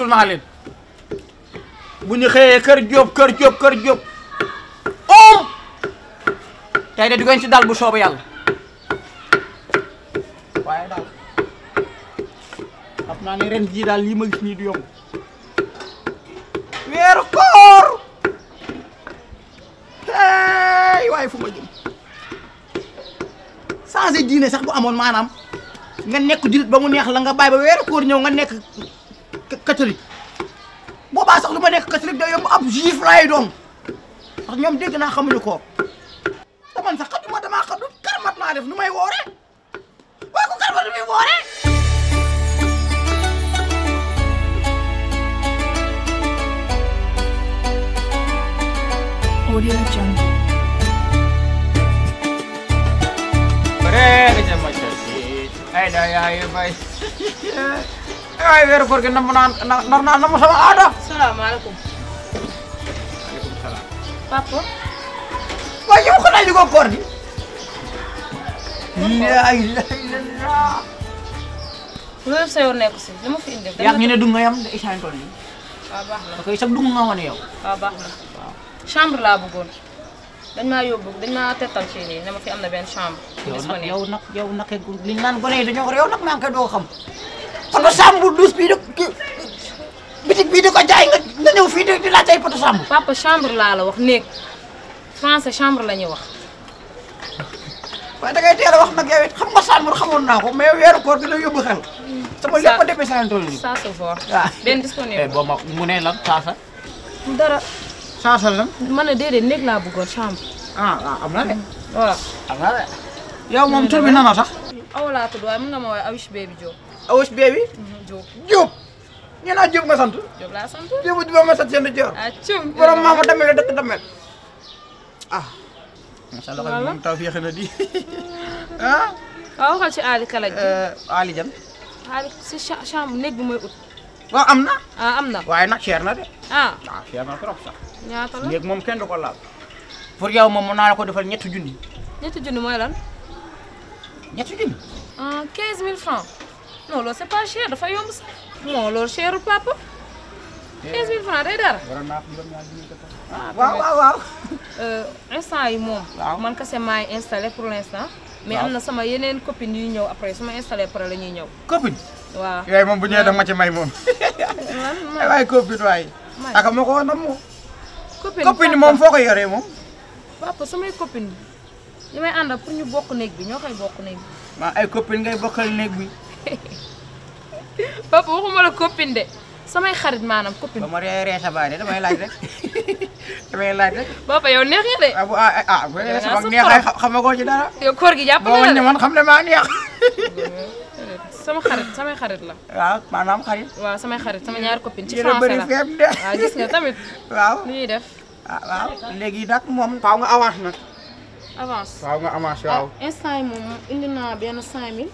jiitul naa leen bu ñu xëyee kër jóob kër jóob kër tey de du ngeen ci bu soob yàlla waaye daal xam naa ne ren jii daal lii ma gis nii du yomb weeru koor hey waaye fu ma jëm changé diine sax bu amoon maanaam nga nekk di ba mu neex la nga ba weeru koor ñëw nga nekk catholique boobaa sax lu ma nekk catholique day yomb ab juif laay doon ndax ñoom dégg naa xamuñu ko taman sax xatuma damaa xatu karmat naa def nu may woore waaye ko karmat nu may woore Audio Jungle. Brega de motorcito. Ai, ai, ai, vai. waaye weeru koor gi nam naa nar naa aada. waaye yow xanaa ko koor gi. laa ilaaha illallaah. loolu sa yoon nekk si li ma fi indi. yaa ngi ne dugg nga yam de échange tool yi. waaw baax na ok sax dugg nga woon yow. waaw baax na waaw. chambre laa bëggoon. dañ maa yóbbu dañ maa tettal fii nii ne ma fi am na benn chambre. yow nag yow nag yow nag li ñu naan gone yi dañoo war maa ngi koy doo xam. poto sàmbu douche bii da bitig bii di ko jaay nga ñëw fii di laaj ay poto sàmbu. papa chambre laa la wax néeg français chambre la ñuy wax. waaye a wax nag yow it xam nga ko mais hmm. a demee saa tool yi. Eh, ma ne lan ah, ah, hmm. moom tur bi nan sax. aw laa tudd waaye mën nga ma woowee Awish Baby Diop. awus beewi. Mhm, Diop Diop. ñu naan Diop nga sant. Diop laa sant Diop bu Diop ma sant seen Dior. ah la damel ah. macha allah loxo bi moom taw na di ah. waaw waxal ci Aliou Kala ji. Euh, si chambre néeg bi mooy ut. waaw am na. ah waaye nag cher na de. ah waaw ah, cher na trop sax. ñaata la néeg moom kenn du ko laal. pour yow moom naa la ko defal ñetti junni. ñetti junni mooy lan. ñetti junni. ah 15000 francs. non loolu c'est pas cher dafa yomb sax. non loolu cherul papa. 15000 francs day man ka waaw waaw. instant yi moom. pour l'instant. mais am na sama yeneen copines yu ñëw après su ma installé pare la ñuy ñëw. copine. waaw yooyu moom bu ñëwee da ma ci may moom. man ko woon moom. copine copine moom foo ko yoree moom. papa samay copine yi may àndal pour ñu bokk néeg bi ñoo koy bokk néeg bi. maa ay copine ngay bokkal néeg bi. papa waxuma la copine de samay xarit maanaam copine. ba ma reeree sa de damay laaj rek damay laaj rek. papa yow neex nga de. ah bu ah ah bu sama neexaay xamagoo ci yow koor gi jàpp nga ne man xam ne maa neex. sama xarit samay xarit la. waaw maanaam xarit. waaw samay xarit sama ñaar copine. ci français la waaw gis tamit. waaw lu ñuy def. ah waaw léegi nag moom. faaw nga avance nag. avance faaw avance waaw. Ah, instant yi moom indi naa benn 5000.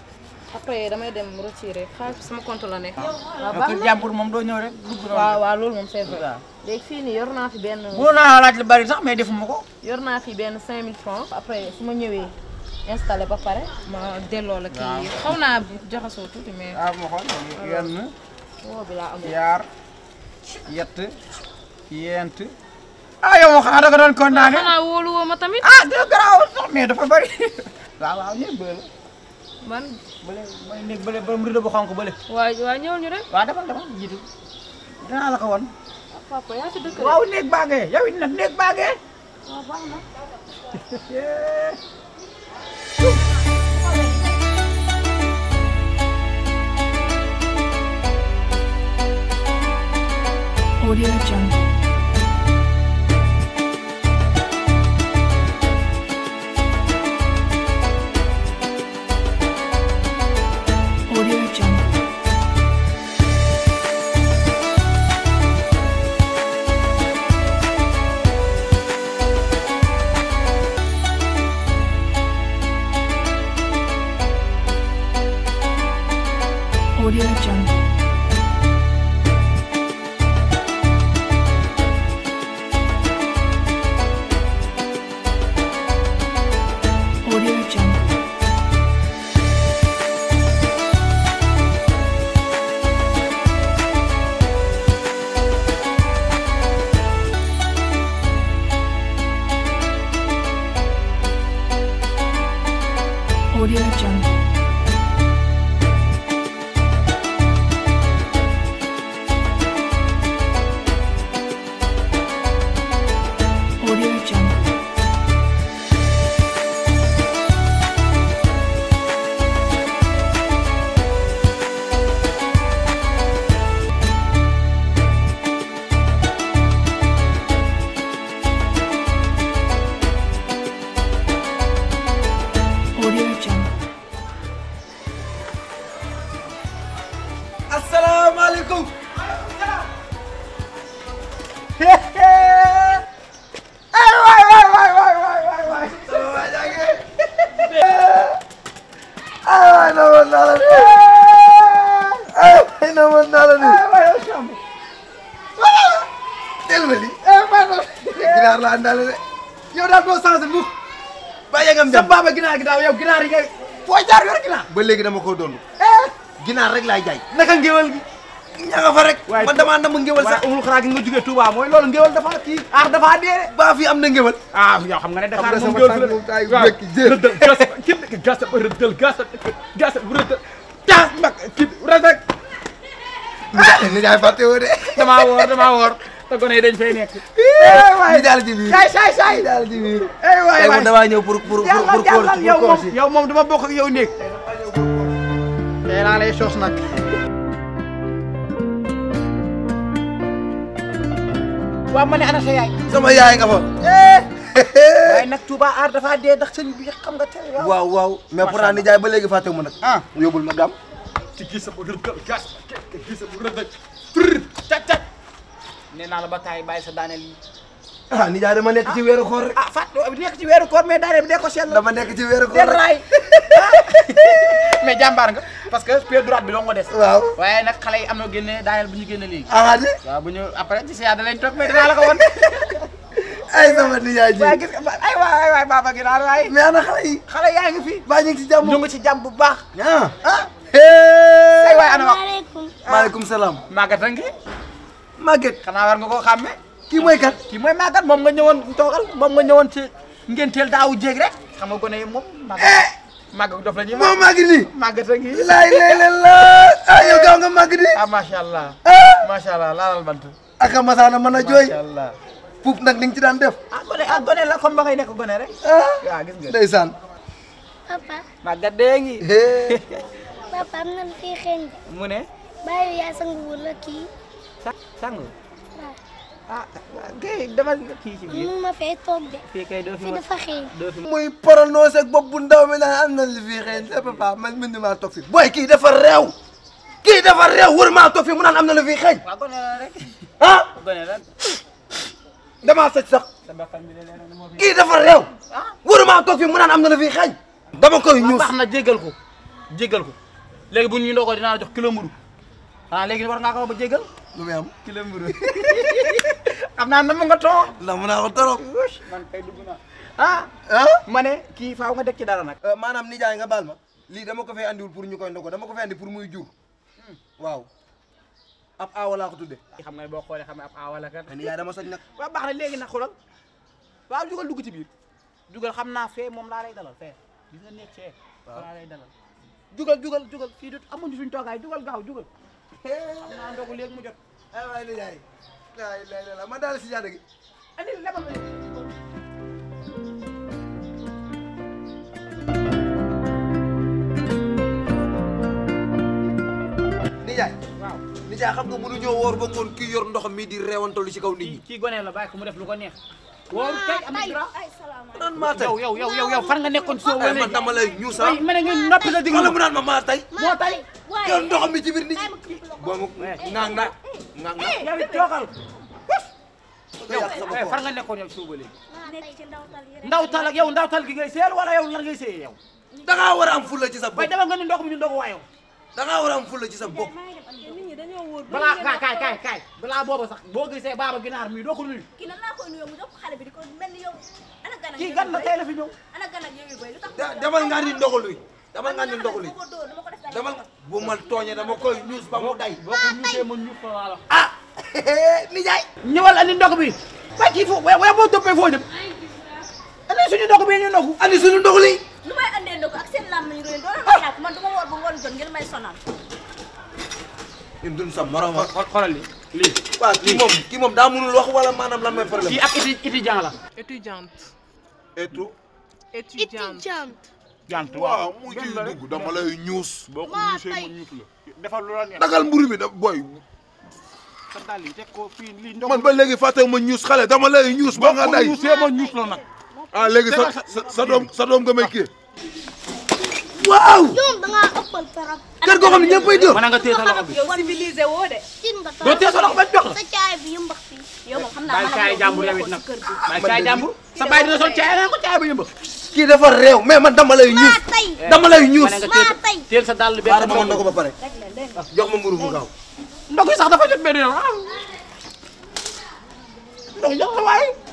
après damay dem retirer xaalis compte la nekk. waaw ah. ah, baax ah, na moom doo ñëw rek waaw waaw loolu moom c'est vrai. léegi fii nii yor naa fi benn. wóor naa laaj lu bari sax mais defuma ko. yor naa fi benn 5000 francs après su ma ñëwee ba pare ma delloo la. naa jaxasoo tuuti mais. waaw ma yett yent. ah yow xanaa da nga doon condamné. xanaa wóolu woo ma tamit. sax mais dafa bari. waaw waaw ñëpp la. man bële mooy néeg bële borom rido bu xonk bële. waaw waaw ñëwal ñu rek. waaw defal defal jiitu dinaa la ko won. Ah, papa yaa ci dëkk waaw néeg baa ngee yow it nag jàmm. asalaamaaleykum. ay waay waay waay waay waay waay waay. sama waa jànge. ay waay na ma naa la de. ay waay na ma naa la de. ay waay yow jàmm. dellu ma lii. ay waay na ma. ginaar laa ndaale de. yow daal doo sens mukk. bàyyi a sa baaba ginaar gi daaw yow ginaar yi nga foo jaar yor ginaar ba léegi dama koo doon eh? ginaar rek laay jaay naka ngéwal gi ña nga fa rek man damaa nam ngéwal sax amul xaraa nga jógee Touba mooy loolu ngéwal dafa kii aar dafa dee am na ngéwal ah yow xam nga ne Dakar moom jël rëddal gas kib gas rëddal gas gas rëddal tas mag kib rëddal ni jaay fàtte woo de damaa woor damaa woor te gone yi dañ fay nekk. Eh, waay daal di biir saay saay saay daal di biir. Eh, waay waay damaa ñëw pour pour pour koor si yow moom yow moom dama bokk ak yow néeg. tey laa lay sos nag. waaw ma ne ana sa yaay. sama yaay nga fa. Eh. waaye nag Touba aar dafa dee ndax sëñ bi xam nga tey. waaw waaw mais pourtant ni jaay ba léegi fàtte mu nag. ah yóbbul ma gam. ci gis sa bu rëdd gas. ci gis sa bu rëdd tur. tat tat. ne naa la ba taay bàyyi sa daaneel yi. ah ma dama nekk ci weeru koor rek. ah Fatou nekk weeru koor mais daaneel bi dee ko seetlu. dama nekk ci weeru koor rek raay mais jàmbaar nga parce que pied droite bi des. waaw waaye na xale am na génne daaneel bi ñu génne léegi. aa ah, de. waaw bu ñu après ci saa da lañ toog mais dinaa la ko won ay sama nijaay ji waaye gis xale yaa ngi fi. baa ñu ngi ci jàmm ñu ngi ci jàmm bu baax. ah ah. ay waay ana wax salaam. Maguette a Maguette xanaa war nga koo xàmme. kii mooy kat kii mooy Maguette moom nga ñëwoon toogal moom nga ñëwoon ci ngenteel daaw jéeg rek xam nga gone yi moom. Maguette eh! Maguette dof la ñuy moom Maguette nii. Maguette a ngi laay lay la la ah nga Maguette nii. Ah, ah! a jooy macha allah. puuf ci daan def. ah gone ah gone la comme ba ngay ah! ne. bàyyi yaa sangu wala kii. sang ah kay dama kii ci biir. dafa xëy. muy prononcé ak bopp bu ndaw mi naan am na li fi xëy na eh, papa man mën na maa toog fi booy kii dafa réew. kii dafa réew wër maa toog fi mu naan am na lu fi xëy. waaw gone la rek. ah gone sax. kii dafa réew. Ah? wër maa toog fi mu naan am na lu fi xëy. dama koy ñuus na jégal ko jégal ñu ñu ndogoo dinaa jox kilo war ngaa ko ba lu muy am kilo mburu na naa nam nga toog nam naa ko torop man kay dugg aa ah, ah ah ma ne kii faaw nga dëkk ci dara nag euh, maanaam nijaay nga baal ma lii dama ko fay andiwul pour ñu koy ndogo dama ko fay andi pour muy jur hmm. waaw ab aawa laa ko tudde xam nga boo xoolee xam ne ab aawa la kat nijaay dama soñ nag waaw baax na léegi nag xoolal waaw jugal dugg ci biir jugal xam naa fee moom laa lay dalal fee gis nga nekk fee lay dalal jugal jugal jugal fii du amuñu suñu toogaay jugal gaaw jugal xam naa ndogu léegi mu jot. ah waaye li yaay waaye lay la man daal ma Nijaay waaw Nijaay xam nga woor ba ngoon kii yor ndox mi di reewantalu ci kaw nit ñi kii gone la bàyyi ko mu def lu ko neex waaw ah, tey am na dara maa tey yow yow yow yow fan nga nekkoon soo wala man dama lay ñuus ah ma ne nga noppi la déglu mu naan ma maa tey moo tey yow ndoxam mi ci biir nit ñi boo ma eh, eh, naan na eh, naan na yow it toogal nga nekkoon yow soo wala ndawtal ak yow ndawtal gi ngay seeyal wala yow lan ngay seeyee yow da ngaa war a am fulla ci sa bopp waaye dama nga ni ndox mi ñu ndox da ngaa war a am fulla ci sa bopp. balaa kaay kaay kaay kaay balaa booba boo gisee baaba ginaar mi doo ko nuyu. kii nan laa koy nuyoo mu jox ko xale bi di ko mel ni yow. ana gan ak kii gan la tey la fi ñëw. ana gan ak yow yu bëri lu tax. demal ngaa ni ndogaluy. demal ngaa ni ba mu day. boo ko ñuusee ma ñuus ko wala. ah nijaay. ñëwal andi ndog bi. waa kii foo waaye boo toppee foo jëm. andi suñu ndog bi ñu ndogu. andi suñu ndog li. sàmmiñ nga leen doon ma jàpp man du ma woor ba ngoon jot ngeen may sonal. ñun duñ sa morom wax ah. xoolal li lii. waaw kii moom kii moom daa mënul wax wala maanaam lan mooy problème. kii ak étudiant la. étudiante. étu. étudiante. jant waaw mu ciy dugg dama lay ñuus. boo ko ñuusee ma ñuus la. defal lu la neex dagal mburu bi da booy. sa dàll yi teg ko fii lii man ba léegi fàtte ma ñuus xale dama lay ñuus. boo nga day boo ko ñuusee ma ñuus la nag. ah léegi sa sa doom sa doom nga may kii. waaw. yow da ngaa ëppal trop. kër goo xam ne ñëppay na nga téye sa loxo bi yow civilisé woo de. sin ba doo téye sa loxo ba jox sa caay bi yëmbax fii. na ko jàmbur yow it nag sa bàyyi dina sol caay naa ko caay ba yëmbax. kii dafa réew mais man dama lay ñuus. dama lay ñuus maa tey teel sa dàll bi. xaaral ma mën na ko ba pare jox ma mburu bu gaaw. ndox yi sax dafa jot benn yoon ah. ndox jox la waaye